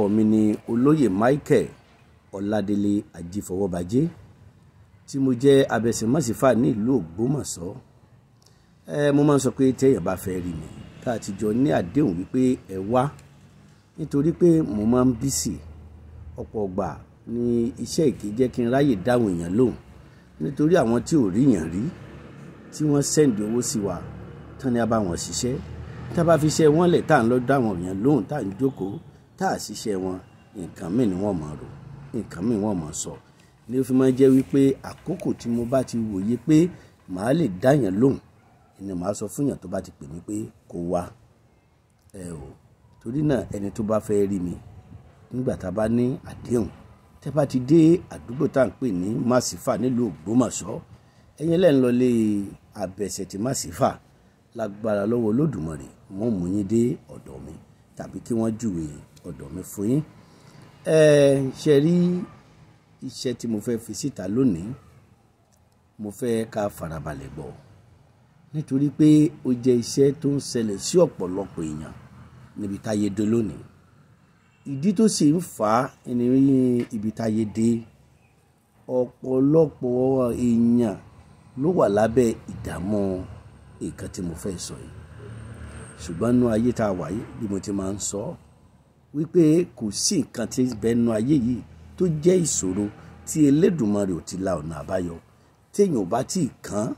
orúkọ mi ni olóyè Michael Ọládélé Ajífọwọ́bajé tí mo jẹ́ abẹsẹ̀másífà ní ìlú Ògbómọ̀ṣọ́ ẹ mo máa ń sọ pé téèyàn bá fẹ́ rí mi tá a ti jọ ní àdéhùn wípé ẹ wá nítorí pé mo máa ń bísì ọ̀pọ̀ ọgbà ni iṣẹ́ ìké jẹ́ kí n ráyè dáhùn èèyàn lóhùn nítorí àwọn tí ò rí yàn rí tí wọ́n sẹ́ǹdì owó sí wa tán ni a bá wọn ṣiṣẹ́ tá a bá fi ṣe wọ́n lẹ̀ tá à ń lọ dáhùn èèyàn lóhùn tá à ń jókòó tá a ṣiṣẹ́ wọn nǹkan míì ni wọ́n mọ̀ rò nǹkan míì wọ́n mọ̀ sọ ni ó fi máa jẹ́ wípé àkókò tí mo bá ti wòye pé màá lè dáyàn lóhùn ni màá sọ fún yàn tó bá ti pè mí pé kó wá ẹ o torí náà ẹni tó bá fẹ́ rí mi nígbà tá a bá ní àdéhùn tẹ́ bá ti dé àdúgbò tá à ń pè ní màsífà nílùú Ògbómọ̀ṣọ́ ẹ̀yin lẹ́yìn lọ lé abẹ́sẹ̀ tí màsífà lágbára lọ́wọ́ Olódùmarè mo mú yín dé ọ̀dọ̀ mi tàbí kí wọ́n júwe ọ̀dọ̀ mi fún yín. ẹ ṣe rí iṣẹ́ tí mo fẹ́ fi síta lónìí mo fẹ́ ká farabalẹ̀ gbọ́ nítorí pé ó jẹ́ iṣẹ́ tó ń ṣẹlẹ̀ sí ọ̀pọ̀lọpọ̀ èèyàn níbi táyé dé lónìí ìdí tó sì ń fà á ẹni ibi táyé dé ọ̀pọ̀lọpọ̀ èèyàn ló wà lábẹ́ ìdààmú nǹkan tí mo fẹ́ sọ yìí ṣùgbọ́n nú ayé tá a wà yìí bí mo ti máa ń sọ wípé kò sí nǹkan tí ń bẹ nú ayé yìí tó jẹ́ ìṣòro tí Elédùmarè ò ti la ọ̀nà àbáyọ téèyàn ò bá tí ì kàn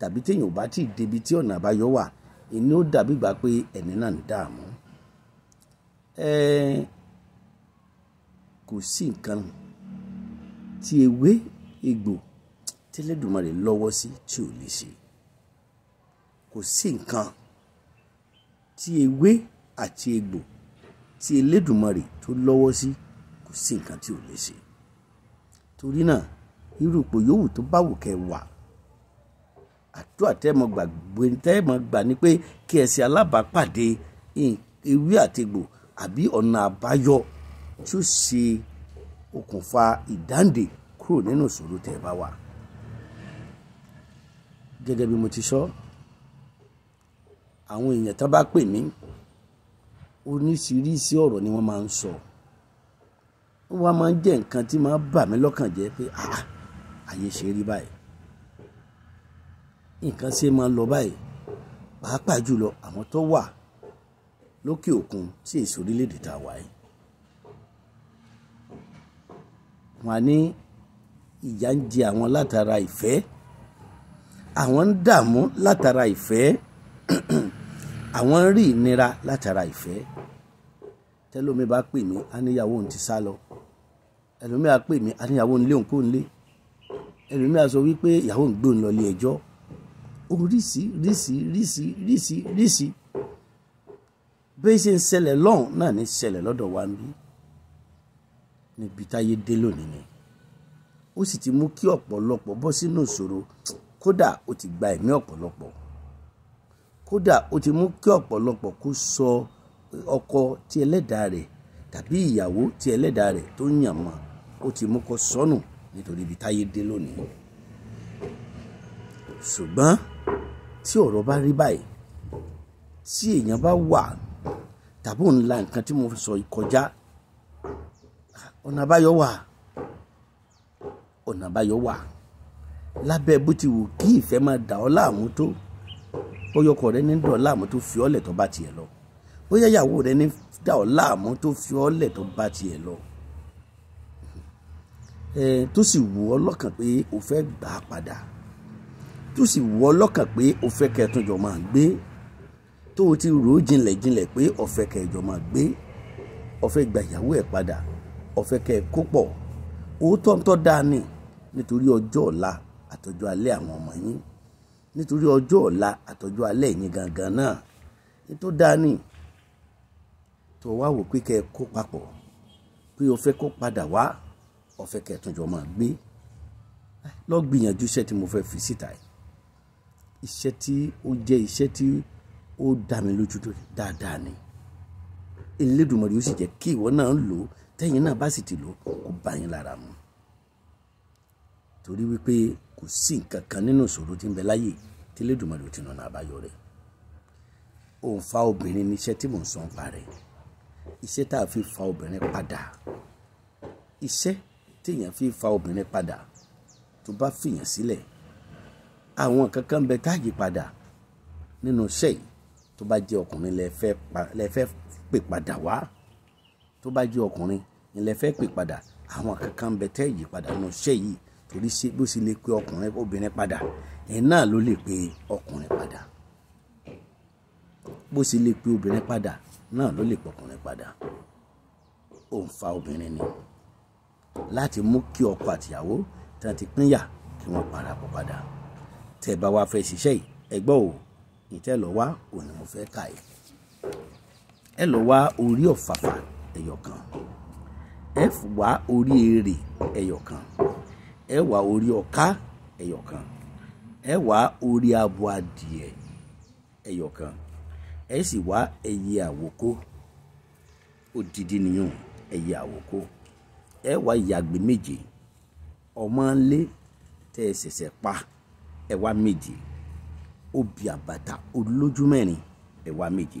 tàbí téèyàn bá tí ì débi tí ọ̀nà àbáyọ wà inú ó dàbí gbà pé ẹni náà ń dààmú kò sí nǹkan tí ewé egbò tẹ́lẹ̀dùmarè lọ́wọ́ sí tí ò lè ṣe kò sí nǹkan tí ewé àti egbò tí Elédùmarè tó lọ́wọ́ sí kò sí nǹkan tí ò lè ṣe torí náà irú ipò yòówù tó bá wù kẹ́ wà àdúrà tẹ́ẹ̀mọ̀gbà tẹ́ẹ̀mọ̀gbà ni pé kí ẹ ṣe alábàápàdé ewé àti egbò àbí ọ̀nà àbáyọ tí ó ṣe okùnfà ìdáǹdè kúrò nínú ìṣòro tẹ́ bá wà gẹ́gẹ́ bí mo ti sọ. So, àwọn èèyàn tán bá pè mí oníṣiríṣi ọ̀rọ̀ ni wọ́n máa ń sọ wọ́n máa ń jẹ́ nǹkan tí máa ń bà mí lọ́kàn jẹ́ pé àyè ṣe rí báyìí nǹkan ṣe máa ń lọ báyìí pàápàá jùlọ àwọn tó wà lókè òkun sí èso orílẹ̀-èdè tá a wà yìí wọn á ní ìyà ń jẹ àwọn látara ìfẹ́ àwọn ń dààmú látara ìfẹ́ àwọn rí ìnira látara ìfẹ́ tẹlómi bá pè mí aníyàwó òun ti sá lọ ẹlòmíì á pè mí aníyàwó òun lé òun kó ń lé ẹlòmíì á sọ wípé ìyàwó òun gbé òun lọ ilé ẹjọ́ oríṣi ríṣi ríṣi ríṣi ríṣi bẹ́ẹ̀ ṣe ń ṣẹlẹ̀ lọ́hùn náà ní ṣẹlẹ̀ lọ́dọ̀ wa ń bí níbi táyé dé lónìí ni ó sì ti mú kí ọ̀pọ̀lọpọ̀ bọ́ sínú ìṣòro kódà ó ti gba ẹ̀mí ọ̀pọ̀lọpọ̀ kódà ó ti mú kí ọ̀pọ̀lọpọ̀ kó sọ ọkọ tí ẹlẹ́dàá rẹ̀ tàbí ìyàwó tí ẹlẹ́dàá rẹ̀ tó yàn mọ́ ó ti mú kó sọnù nítorí ibi táyé dé lónìí. ṣùgbọ́n tí ọ̀rọ̀ bá rí báyìí tí èèyàn bá wà tàbí òun la nǹkan tí mo sọ kọjá ọ̀nà àbáyọ wà ọ̀nà àbáyọ wà lábẹ́ bó ti wù kí ìfẹ́ máa dà ọ́ láàmú tó bóyá ọkọ rẹ ní dọ̀ ọ́ láàmú tó fi ọ́lẹ̀ tó bá tiẹ̀ lọ bóyá ìyàwó rẹ ní dà ọ́ láàmú tó fi ọ́lẹ̀ tó bá tiẹ̀ lọ tó sì wù ọ́ lọ́kàn pé o fẹ́ gbà á padà tó sì wù ọ́ lọ́kàn pé o fẹ́ kẹtùnjọ máa gbé tó o ti rò ó jinlẹ̀ jinlẹ̀ pé o kẹjọ máa gbé o fẹ́ ìyàwó ẹ̀ padà o kẹ kó pọ̀ òótọ́ ń tọ́ dáa ni nítorí ọjọ́ ọ̀la àtọjọ́ alẹ́ àwọn ọmọ yín nítorí ọjọ́ ọ̀la àtọjọ́ alẹ́ yín gangan náà ní tó dáa ní tó wá wò pé kẹ́ ẹ kó papọ̀ pé o fẹ́ kó padà wá o fẹ́ kẹ́ ẹ tún jọ máa gbé lọ gbìyànjú iṣẹ́ tí mo fẹ́ fi síta yìí iṣẹ́ tí ó jẹ́ iṣẹ́ tí ó dá mi lójú dáadáa ni Elédùmarè ó sì jẹ́ kí ìwọ náà lò tẹ́yìn náà bá sì ti lò kó bá yín lára mu torí wípé kò sí nǹkan kan nínú ìṣòro tí ń bẹ láyè tí Elédùmarè ò ti nànà àbáyọ rẹ̀ òun fa obìnrin níṣẹ́ tí mò ń sọ ń pa rẹ̀ iṣẹ́ tá a fi fa obìnrin padà iṣẹ́ téèyàn fi fa obìnrin padà tó bá fìyàn sílẹ̀ àwọn kankan bẹ tá a yí padà nínú iṣẹ́ yìí tó bá jẹ́ ọkùnrin lẹ́fẹ́ pè padà wá tó bá jẹ́ ọkùnrin lẹ́fẹ́ pè padà àwọn kankan bẹ tẹ́ padà nínú iṣẹ́ yìí torí ṣé bó ṣe lè pe ọkùnrin obìnrin padà ẹ̀ náà ló lè pe ọkùnrin padà bó ṣe lè pe obìnrin padà náà ló lè pọkùnrin padà ó ń fa obìnrin ni láti mú kí ọkọ àtìyàwó tí wọn ti pínyà kí wọn para pọ̀ padà tẹ bá wa fẹ́ ṣiṣẹ́ yìí ẹgbọ́ o ìtẹ́ lọ wá òní mo fẹ́ kà yìí ẹ lọ wá orí ọ̀fàfà ẹyọ ẹ wá orí èrè ẹyọ ẹ wá orí ọ̀ká ẹyọ̀kan ẹ wá orí abo adìẹ ẹyọ̀kan ẹ sì wá ẹyẹ àwòkó odidi nìyẹn ẹyẹ àwòkó ẹ wá ìyàgbé méje ọmọ ńlẹ tẹ ẹ ṣẹ̀ṣẹ̀ pa ẹ wá méje obì àbàtà olójú mẹ́rin ẹ wá méje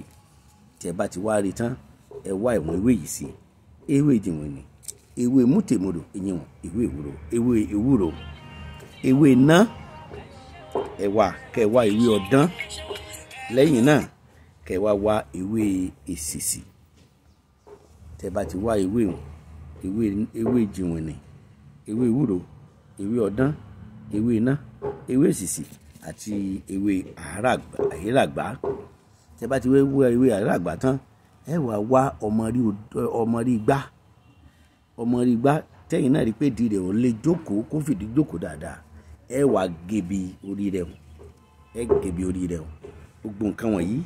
tẹ bá ti wá rí tán ẹ wá ìwọn ewé yìí sí ewé ìdìwọ̀n ni ewé mútèmòdò ìyẹn ewé ewúro ewé ewúro ewé iná ẹ̀wà kẹwàá ewé ọ̀dán lẹ́yìn náà kẹwàá wá ewé èsìsì tẹ bá ti wá ewé ewé ewé jìnwìnì ewé ewúro ewé ọ̀dán ewé iná ewé èsìsì àti ewé àhíràgbá tẹ bá ti wá ewé àhíràgbá tán ẹ wá wá ọmọ rí gbá ọmọ rí gbá tẹ́yìn náà rí pé di rẹ̀ ò lè jókòó kó fìdí jókòó dáadáa ẹ wà gèbè orí rẹ̀ o ẹ gèbè orí rẹ̀ o gbogbo nǹkan wọ̀nyí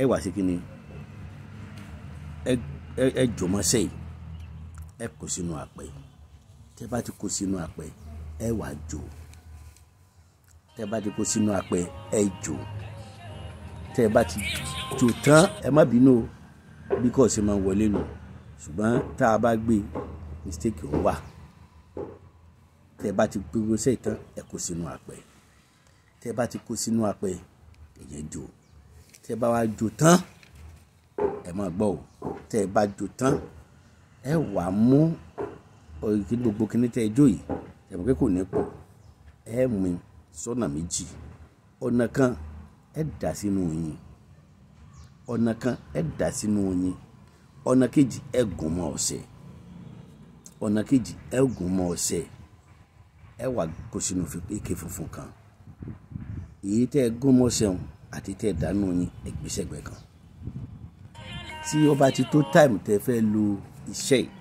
ẹ wà sí kíni ẹ jọmọ sẹ́yìn ẹ kó sínú àpẹ tẹ́ bá ti kó sínú àpẹ ẹ wà jò tẹ́ bá ti kó sínú àpẹ ẹ jò tẹ́ bá ti jò tán ẹ má bínú o bí kò sí máa wọlé nù ṣùgbọ́n tá a bá gbé mistake ó wà tẹ́ bá ti gbogbo sẹ́yìn tán ẹ kó sínú àpẹ tẹ́ bá ti kó sínú àpẹ ìyẹn jò tẹ́ bá wá jò tán ẹ máa gbọ́ o tẹ́ bá jò tán ẹ wàá mú kí gbogbo kíní tẹ́ jó yìí ẹ mọ̀ pé kò ní pọ̀ ẹ mú sọ́nà méjì ọ̀nà kan ẹ dà sínú yín ọ̀nà kan ẹ dà sínú yín ọ̀nà kejì ẹ gùn mọ́ ọ̀sẹ̀ ọ̀nà kejì ẹ gùn mọ́ ọṣẹ ẹ wà kó sínú ike funfun kan èyí tẹ́ ẹ gún mọ́ ọṣẹ òun àti tẹ́ ẹ dànù yín ẹ gbé sẹ́gbẹ̀ kan tí ó bá ti tó táìmù tẹ́ fẹ́ lo iṣẹ́ yìí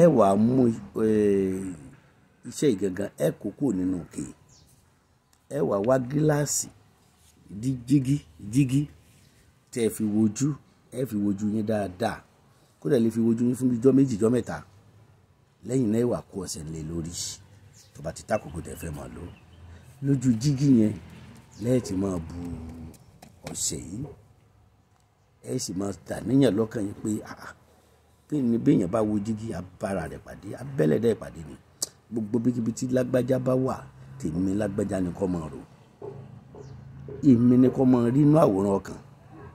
ẹ wà á mú iṣẹ́ ìgangan ẹ kó kúrò nínú òkè ẹ wà wá gíláàsì jígí jígí tẹ́ fi wojú ẹ fi wojú yín dáadáa kódà lè fi wojú yín fún ijọ́ méjì ijọ́ mẹ́ta lẹ́yìn náà ìwà kú ọ̀sẹ̀ lé lórí tó bá ti tákòkò tẹ̀ fẹ́ mọ̀ lọ lójú jígí yẹn lẹ́yìn tí máa bu ọ̀sẹ̀ yìí ẹ sì máa tà níyàn lọ́kàn yín pé béèyàn bá wo jígí abára rẹ̀ pàdé abẹ́lẹ̀dẹ́ pàdé ni gbogbo bíkíbi tí lágbájá bá wà tèmi lágbájá ni kọ́ máa rò èmi ni kọ́ máa rí inú àwòrán ọkàn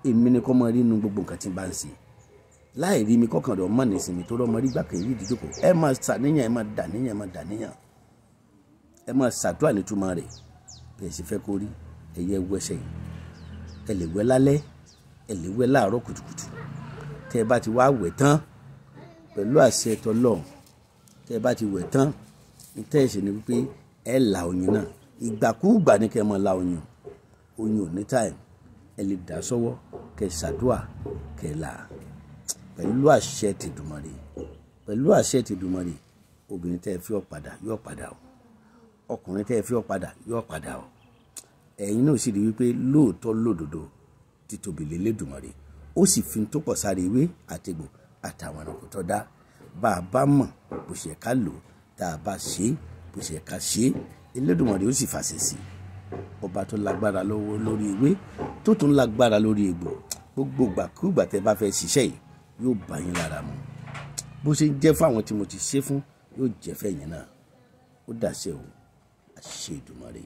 èmi ni kọ́ máa rí inú gbogbo nǹkan tí n bá ń ṣe láì rí mi kọ́kàn rẹ̀ ọmọ nìsinmi tó rọ́mọ rí gbàkẹ́ rí ìdíjókòó ẹ máa ṣàníyàn ẹ máa dàníyàn ẹ máa dàníyàn ẹ máa ṣàdúrà nítumọ̀ rẹ̀ bẹ́ẹ̀ sì fẹ́ kó rí ẹ̀yẹ ẹwu ẹsẹ̀ yìí ẹ lè wẹ̀ lálẹ́ ẹ lè wẹ̀ láàárọ̀ kùtùkùtù tẹ́ ẹ bá ti wá wẹ̀ tán pẹ̀lú àṣẹ tọlọ́run tẹ́ ẹ bá ti wẹ̀ tán tẹ́ ẹ sì wípé ẹ la oyin náà ìgbàkúùgbà ni kẹ́ ẹ la oyin oyin ò ní táìmù ẹ lè dà sọ́wọ́ kẹ́ ẹ ṣàdúà là á pẹ̀lú àṣẹ tìdùmọ̀rì pẹ̀lú àṣẹ tìdùmọ̀rì obìnrin tẹ́ ẹ fi ọ̀padà yóò padà o ọkùnrin tẹ́ ẹ fi ọ̀padà yóò padà o ẹ̀yin náà sì rí wípé lóòótọ́ lódodo títóbi lélẹ́dùmọ̀rì ó sì fi tó pọ̀ sáré ewé àtegbò àtàwọn ẹranko tó dá bá a bá mọ̀ bó ṣe ká lò tá a bá ṣe bó ṣe ká ṣe Elédùmarè ó sì fàṣẹ sí ọba tó lágbára lọ́wọ́ lórí ewé tó tún lágbára lórí egbò gbogbo ìgbàkúgbà tẹ́ bá fẹ́ ṣiṣẹ́ yìí yóò bá yín lára mu bó ṣe ń jẹ́ fáwọn tí mo ti ṣe fún yóò jẹ́ fẹ́yìn náà ó dàṣẹ o àṣẹ Èdùmàrè.